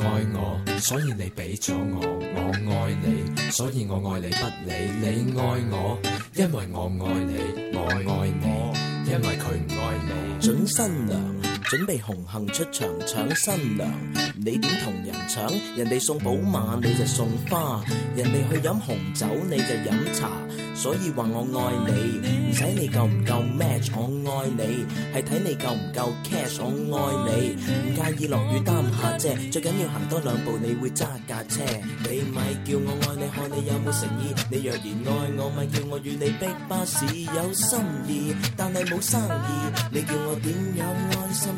愛我，所以你俾咗我；我愛你，所以我愛你不理你愛我，因為我愛你。我愛我，因為佢唔愛你。準新娘。準備紅杏出場搶新娘，你點同人搶？人哋送寶馬你就送花，人哋去飲紅酒你就飲茶，所以話我愛你，唔使你夠唔夠 match，我愛你係睇你夠唔夠 care，我愛你唔介意落雨擔下遮，最緊要行多兩步你會揸架車，你咪叫我愛你，看你有冇誠意，你若然愛我咪叫我與你逼巴士，有心意但係冇生意，你叫我點樣安心？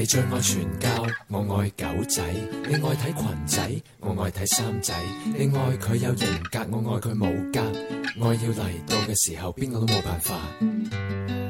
你最愛傳教，我愛狗仔；你愛睇裙仔，我愛睇衫仔。你愛佢有型格，我愛佢冇格。愛要嚟到嘅時候，邊個都冇辦法。